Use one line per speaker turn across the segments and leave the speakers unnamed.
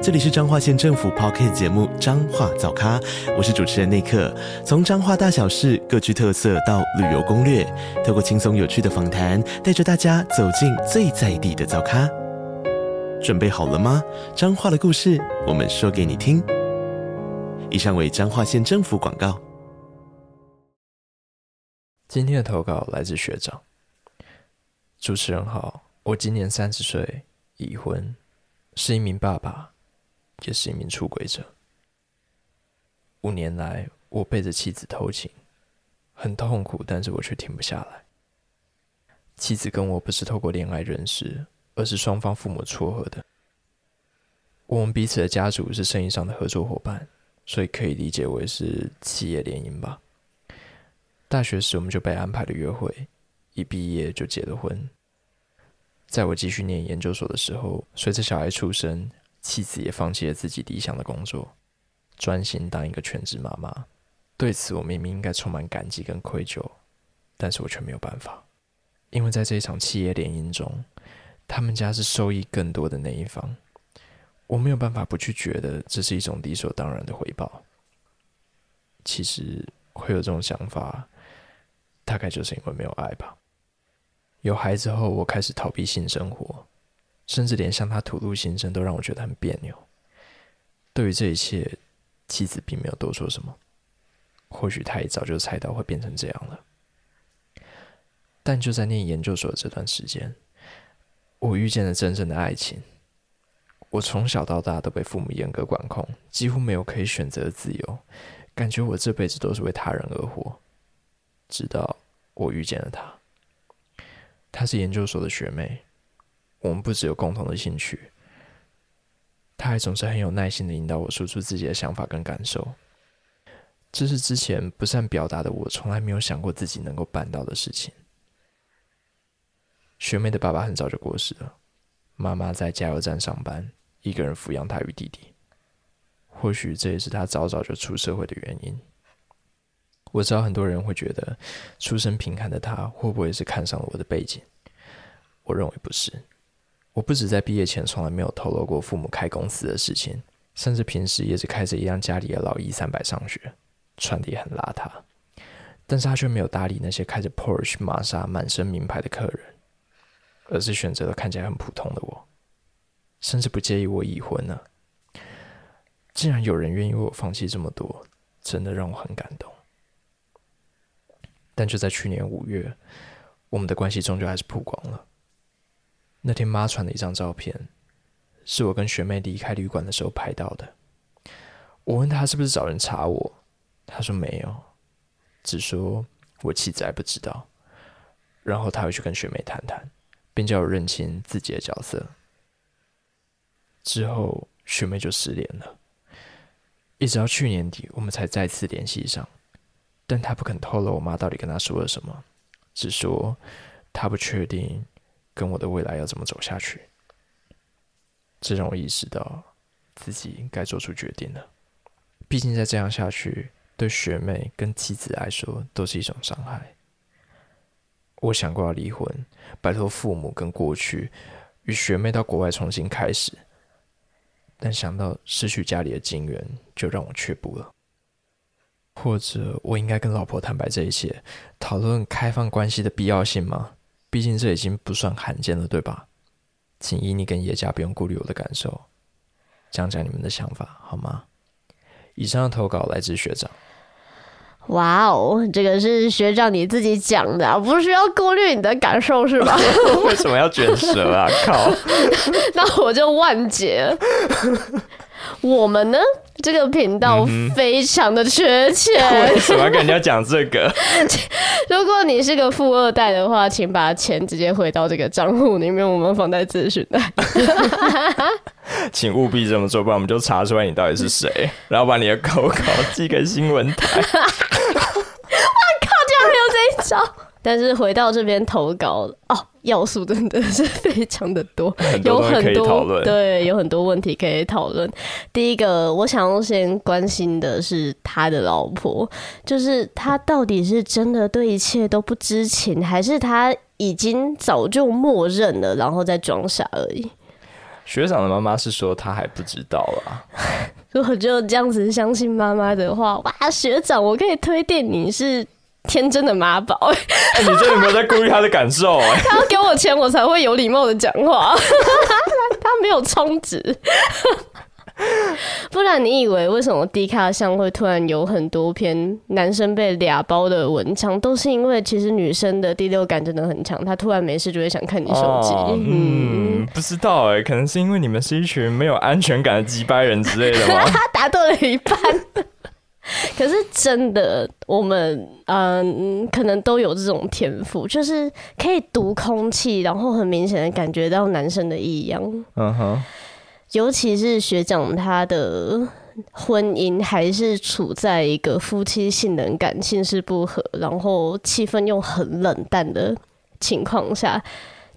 這裡是彰化縣政府 Podcast 節目《彰化早咖》，我是主持人內克。從彰化大小事各具特色到旅遊攻略，透過輕鬆有趣的訪談，帶着大家走進最在地的早咖。準備好了嗎？彰化的故事，我們說給你聽。以上為彰化縣政府廣告。今天的投稿來自學長。主持人好，我今年三十歲，已婚，是一名爸爸。也是一名出軌者。五年來，我背着妻子偷情，很痛苦，但是我卻停不下來。妻子跟我不是透過戀愛認識，而是雙方父母撮合的。我們彼此的家族是生意上的合作夥伴，所以可以理解為是企業聯姻吧。大學時我們就被安排了約會，一畢業就結了婚。在我繼續念研究所的時候，隨着小孩出生。妻子也放棄了自己理想的工作，專心當一個全職媽媽。對此，我明明應該充滿感激跟愧疚，但是我卻沒有辦法，因為在這一場企業聯姻中，他們家是受益更多的那一方。我沒有辦法不去覺得這是一種理所當然的回報。其實會有這種想法，大概就是因為沒有愛吧。有孩子後，我開始逃避性生活。甚至連向他吐露心聲都讓我覺得很別扭。對於這一切，妻子並沒有多說什麼，或許他一早就猜到會變成這樣了。但就在念研究所的這段時間，我遇見了真正的愛情。我從小到大都被父母嚴格管控，幾乎沒有可以選擇的自由，感覺我這輩子都是為他人而活。直到我遇見了他，他是研究所的學妹。我們不只有共同的興趣，她還總是很有耐心地引導我說出自己的想法跟感受。這是之前不善表達的我從來沒有想過自己能夠辦到的事情。學妹的爸爸很早就過世了，媽媽在加油站上班，一個人撫養她與弟弟。或許這也是她早早就出社會的原因。我知道很多人會覺得，出身貧寒的她會不會是看上了我的背景？我認為不是。我不止在畢業前從來沒有透露過父母開公司的事情，甚至平時也是開着一輛家裡的老 E 三百上學，穿得也很邋遢。但是他卻沒有搭理那些開着 Porsche 瑪莎滿身名牌的客人，而是選擇了看起來很普通的我，甚至不介意我已婚了啊。竟然有人願意為我放棄這麼多，真的讓我很感動。但就在去年五月，我們的關係終究還是曝光了。那天媽傳了一張照片，是我跟學妹離開旅館的時候拍到的。我問她是不是找人查我？她說沒有，只說我妻子還不知道，然後她又去跟學妹談談，並叫我認清自己的角色。之後學妹就失聯了，一直到去年底我們才再次聯繫上，但她不肯透露我媽到底跟她說了什麼，只說她不確定，跟我的未來要怎麼走下去。這讓我意識到自己應該做出決定了。畢竟再這樣下去，對學妹跟妻子來說都是一種傷害。我想過要離婚，擺脫父母跟過去，與學妹到國外重新開始。但想到失去家裡的經援，就讓我卻步了。或者，我應該跟老婆坦白這一切，討論開放關係的必要性嗎？畢竟這已經不算罕見了，對吧？請依妮跟葉家不用顧慮我的感受，講講你們的想法好嗎？以上的投稿來自學長。
哇哦，這個是學長你自己講的，啊，不是要顧慮你的感受是吧？
為什麼要捲舌啊？靠
那我就萬劫。 我們呢？這個頻道非常的缺錢，為什麼要跟人家
講這個？
如果你是個富二代的話，請把錢直接匯到這個賬戶裡面。我們放在諮詢的，
請務必這麼做，不然我們就查出來你到底是誰，然後把你的口稿寄給新聞台。
我 靠，竟然還有這一招！但是回到這邊投稿哦，要素真的是非常的多，有很多、很多對，有很多問題可以討論。第一個，我想要先關心的是他的老婆，就是他到底是真的對一切都不知情，還是他已經早就默認了，然後再裝傻而已？
學長的媽媽是說他還不知道啊？
如 果就這樣子相信媽媽的話，哇，學長，我可以推定你是。天真的媽寶 、
欸，你這有沒有在顧慮他的感受哎、欸！ 他
要給我錢，我才會有禮貌的講話。 他沒有充值， 不然你以為為什麼 D 卡上會突然有很多篇男生被倆包的文章？都是因為其實女生的第六感真的很強，他突然沒事就會想看你手機、哦嗯。嗯，
不知道哎、欸，可能是因為你們是一群沒有安全感的雞掰人之類的嗎？他
答 對了一半。 可是真的，我們嗯，可能都有這種天賦，就是可以讀空氣，然後很明顯的感覺到男生的異樣。Uh-huh. 尤其是學長，他的婚姻還是處在一個夫妻性冷感、性事不和，然後氣氛又很冷淡的情況下，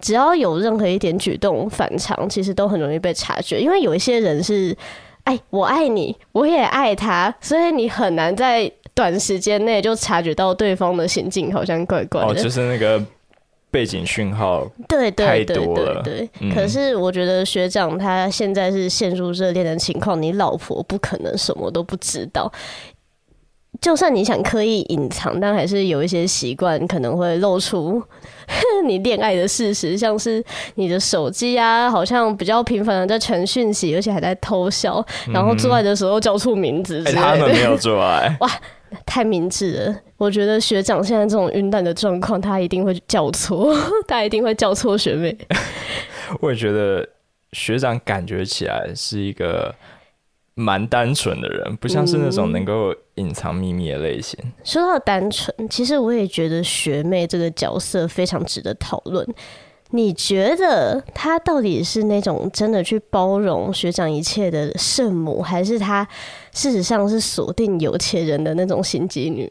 只要有任何一點舉動反常，其實都很容易被察覺，因為有一些人是。哎，我愛你，我也愛他，所以你很難在短時間內就察覺到對方的行徑好像怪怪的。哦，就是
那個背景訊號，對，太多了。對，對，對，對，嗯，可是
我覺得學長他現在是陷入熱戀的情況，你老婆不可能什麼都不知道。就算你想刻意隱藏，但還是有一些習慣可能會露出你戀愛的事實，像是你的手機啊，好像比較頻繁的在傳訊息，而且還在偷笑。然後做愛的時候叫錯名字之類、嗯欸，他們沒有做愛。哇，太明智了！我覺得學長現在這種暈蛋的狀況，他一定會叫錯，他一定會叫錯學妹。
我也覺得學長感覺起來是一個。蠻單純的人，不像是那種能夠隱藏秘密的類型。
嗯。說到單純，其實我也覺得學妹這個角色非常值得討論。你覺得她到底是那種真的去包容學長一切的聖母，還是她事實上是鎖定有錢人的那
種心機女？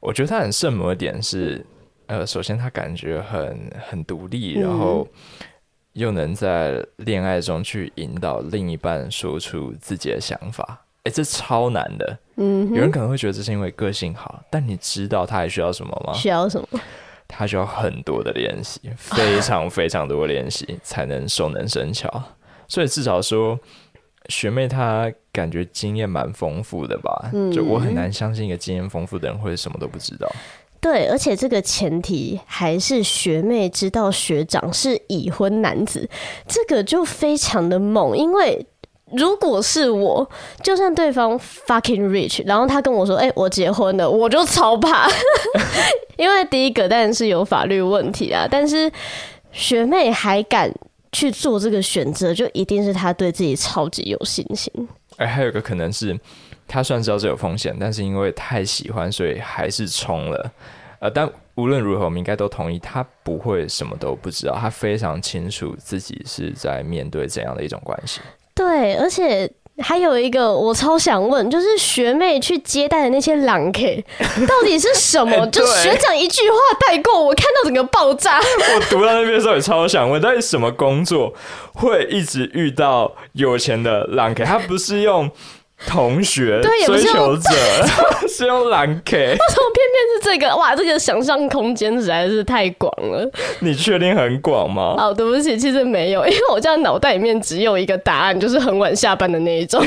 我覺得她很聖母的點是，呃，首先她感覺很很獨立，然後。嗯又能在戀愛中去引導另一半說出自己的想法，哎，這超難的。嗯，有人可能會覺得這是因為個性好，但你知道他還需要什麼嗎？需要什麼？他需要很多的練習，非常非常多的練習 才能熟能生巧。所以至少說，學妹她感覺經驗蠻豐富的吧？就我很難相信一個經驗豐富的人會什麼都不知道。
對，而且這個前提還是學妹知道學長是已婚男子，這個就非常的猛。因為如果是我，就算對方 fucking rich，然後他跟我說：“哎、欸，我結婚了。”我就超怕， 因為第一個當然是有法律問題啊。但是學妹還敢去做這個選擇，就一定是她對自己超級有信心。
哎，還有一個可能是。他雖然知道這有風險，但是因為太喜歡，所以還是衝了。呃，但無論如何，我們應該都同意，他不會什麼都不知道，他非常清楚自己是在面對怎樣的一種關係。
對，而且還有一個我超想問，就是學妹去接待的那些狼 K 到底是什麼、 欸？就學長一句話帶過，我看到整個爆炸。 我
讀到那邊的時候也超想問，到底什麼工作會一直遇到有錢的狼 K？他不是用？同學，追求者，是用，是用藍 K。為
什麼偏偏是這個？哇，這個想象空間實在是太廣了。
你確定很廣嗎？
哦，對不起，其實沒有，因為我這樣腦袋裡面只有一個答案，就是很晚下班的那一種。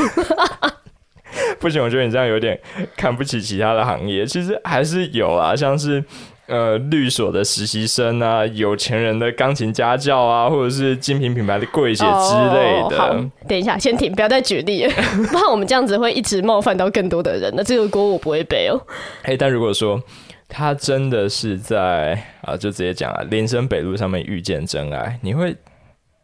不行，我覺得你這樣有點看不起其他的行業。其實還是有啊，像是。呃，律所的實習生啊，有錢人的鋼琴家教啊，或者是精品品牌的櫃姐之類的。哦。
等一下，先停，不要再舉例了， 不然我們這樣子會一直冒犯到更多的人。那這個鍋我不會
背哦。Hey, 但如果說他真的是在啊、嗯，就直接講了林森北路上面遇見真愛，你會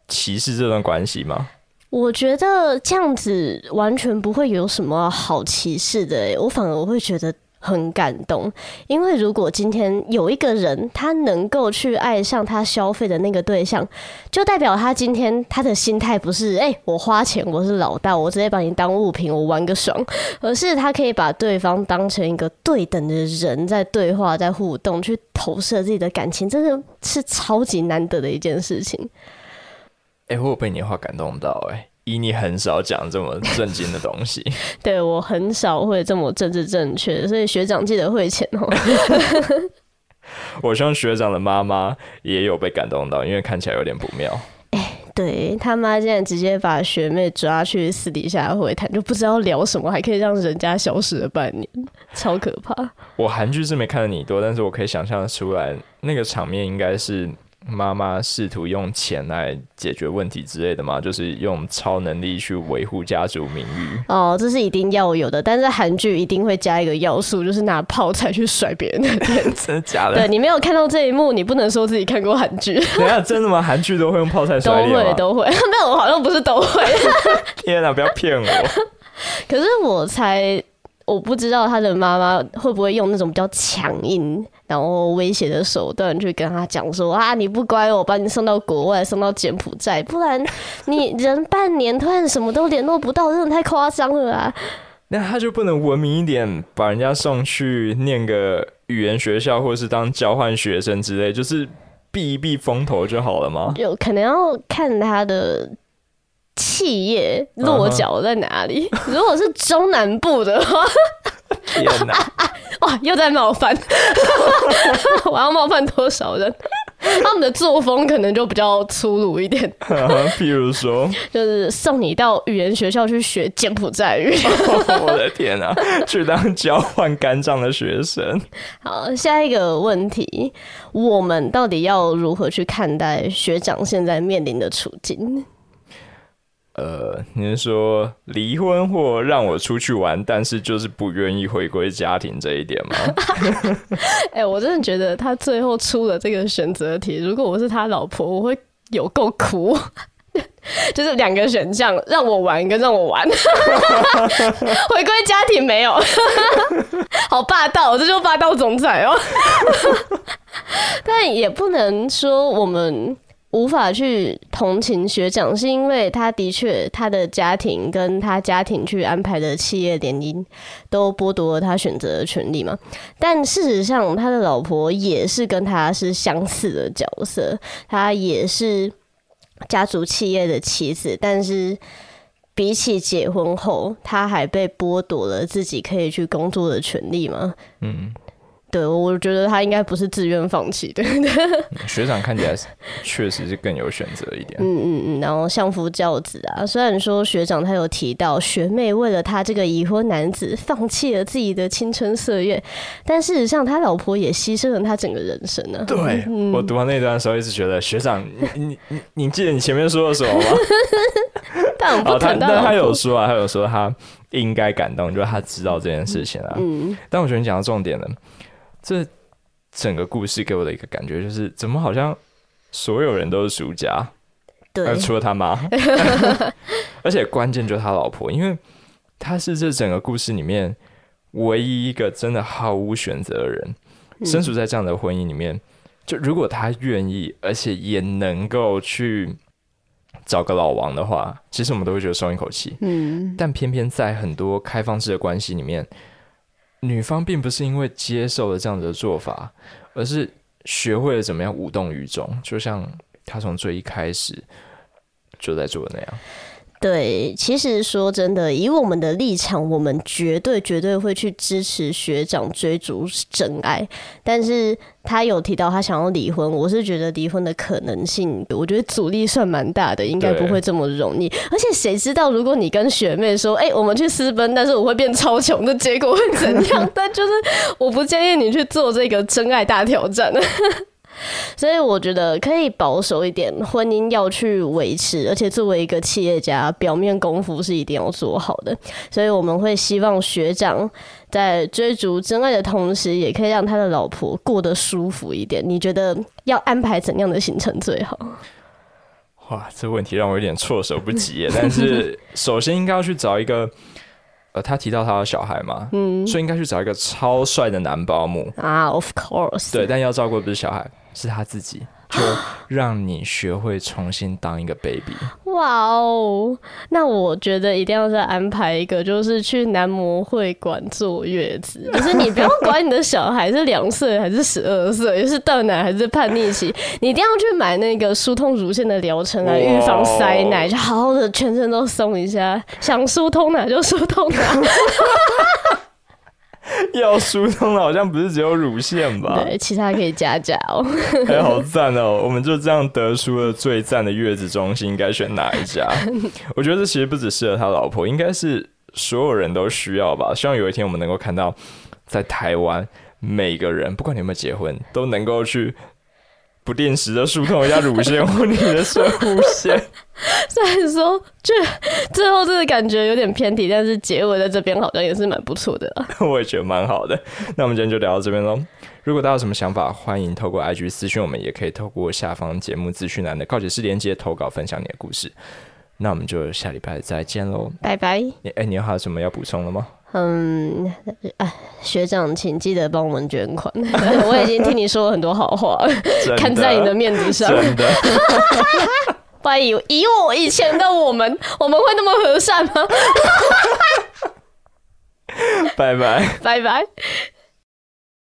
歧視這段關係嗎？
我覺得這樣子完全不會有什麼好歧視的。欸，我反而我會覺得。很感動，因為如果今天有一個人他能夠去愛上他消費的那個對象，就代表他今天他的心態不是哎、欸，我花錢我是老大，我直接把你當物品，我玩個爽，而是他可以把對方當成一個對等的人，在對話在互動，去投射自己的感情，真的是超級難得的一件事情。
哎、欸，我被你話感動到哎、欸。以你很少講這麼正經的東西，
對，我很少會這麼政治正確，所以學長記得匯錢哦。
我希望學長的媽媽也有被感動到，因為看起來有點不妙。哎、欸，
對他媽竟然直接把學妹抓去私底下會談，就不知道聊什麼，還可以讓人家消失了半年，超可怕。
我韓劇是沒看到你多，但是我可以想象出來，那個場面應該是。媽媽試圖用錢來解決問題之類的嘛，就是用超能力去維護家族名譽。
哦，這是一定要有的，但是韓劇一定會加一個要素，就是拿泡菜去甩別人的臉，
真的假的？對，你
沒有看到這一幕，你不能說自己看過韓劇。等
一下，真的嗎？韓劇都會用泡菜甩臉嗎？都會，都
會。 沒有，我好像不是都會。
天啊，不要騙我。
可是我猜。我不知道他的媽媽會不會用那種比較強硬、然後威脅的手段去跟他講說，啊，你不乖，我把你送到國外，送到柬埔寨，不然你人半年突然什麼都聯絡不到，這種太誇張了
啊！ 那他就不能文明一點，把人家送去念個語言學校，或者是當交換學生之類，就是避一避風頭就好了嗎？
有可能要看他的。企業落腳在哪裡？Uh -huh. 如果是中南部的話， 啊啊、哇，又在冒犯， 我要冒犯多少人？他 們、 啊、的作風可能就比較粗魯一點。
Uh -huh, 譬如說，就
是送你到語言學校去學柬埔寨語。
Oh, 我的天哪，去當交換肝臟的學生。
好，下一個問題，我們到底要如何去看待學長現在面臨的處境？
呃，您說離婚或讓我出去玩，但是就是不願意回歸家庭這一點嗎？哎
欸，我真的覺得他最後出了這個選擇題，如果我是他老婆，我會有夠苦。 就是兩個選項，讓我玩跟讓我玩， 回歸家庭沒有， 好霸道，我這就霸道總裁哦、喔。 但也不能說我們。無法去同情學長，是因為他的確他的家庭跟他家庭去安排的企業聯姻，都剝奪了他選擇的權利嘛。但事實上，他的老婆也是跟他是相似的角色，他也是家族企業的妻子，但是比起結婚後，他還被剝奪了自己可以去工作的權利嘛。嗯。對，我覺得他應該不是自願放棄對，不對，
對、嗯，學長看起來確實是更有選擇一點。
嗯嗯嗯，然後相夫教子啊。雖然說學長他有提到學妹為了他這個已婚男子放棄了自己的青春歲月，但事實上他老婆也犧牲了他整個人生呢、啊。對、嗯、我讀
完那段的時候，一直覺得學長，你你你記得你前面說了什麼嗎？ 但我不知道，哦、他 但他有說啊，他有說他應該感動，就是他知道這件事情啊。嗯，嗯但我覺得你講到重點了。這整個故事給我的一個感覺就是，怎麼好像所有人都是輸家，
對、呃，除了他媽。
而且關鍵就是他老婆，因為他是這整個故事裡面唯一一個真的毫無選擇的人，嗯、身處在這樣的婚姻裡面，就如果他願意，而且也能夠去找個老王的話，其實我們都會覺得鬆一口氣。嗯、但偏偏在很多開放式的關係裡面。女方並不是因為接受了這樣的做法，而是學會了怎麼樣無動於衷，就像她從最一開始就在做的那樣。對，
其實說真的，以我們的立場，我們絕對絕對會去支持學長追逐真愛。但是他有提到他想要離婚，我是覺得離婚的可能性，我覺得阻力算蠻大的，應該不會這麼容易。而且誰知道，如果你跟學妹說，哎、欸，我們去私奔，但是我會變超窮，的結果會怎樣？ 但就是我不建議你去做這個真愛大挑戰。 所以我覺得可以保守一點，婚姻要去維持，而且作為一個企業家，表面功夫是一定要做好的。所以我們會希望學長在追逐真愛的同時，也可以讓他的老婆過得舒服一點。你覺得要安排怎樣的行程最好？
哇，這問題讓我有點措手不及。 但是首先應該要去找一個。呃，他提到他的小孩嘛，嗯，所以應該去找一個超帥的男保姆啊，Of course，對，但要照顧的不是小孩，是他自己。就讓你學會重新當一個 baby。哇哦！那我
覺得一定要再安排一個，就是去男模會館坐月子。可是你不用管你的小孩 是兩歲還是十二歲，也是斷奶還是叛逆期，你一定要去買那個疏通乳腺的療程來預防塞奶，wow. 就好好的全身都鬆一下，想疏通哪就疏通哪。
要疏通的，好像不是只有乳腺吧？對，
其他可以加加哦。哎、 欸，好
讚哦！我們就這樣得出了最讚的月子中心應該選哪一家？ 我覺得這其實不只適合他老婆，應該是所有人都需要吧。希望有一天我們能夠看到，在台灣每個人，不管你有沒有結婚，都能夠去不定時的疏通一下乳腺或你的攝護腺。
雖然說，就最後就是感覺有點偏題，但是結尾在這邊好像也是蠻不錯的、啊。
我也覺得蠻好的。那我們今天就聊到這邊嘍。如果大家有什麼想法，歡迎透過 IG 私訊，我們也可以透過下方節目資訊欄的告解室連接投稿分享你的故事。那我們就下禮拜再見嘍，
拜拜。
你、欸、哎，你還有什麼要補充的嗎？嗯，
哎，學長，請記得幫我們捐款。 我已經聽你說了很多好話， 看在你的面子上。真的 萬一以我以前的我們，我們會那麼和善嗎？
拜拜，
拜 拜。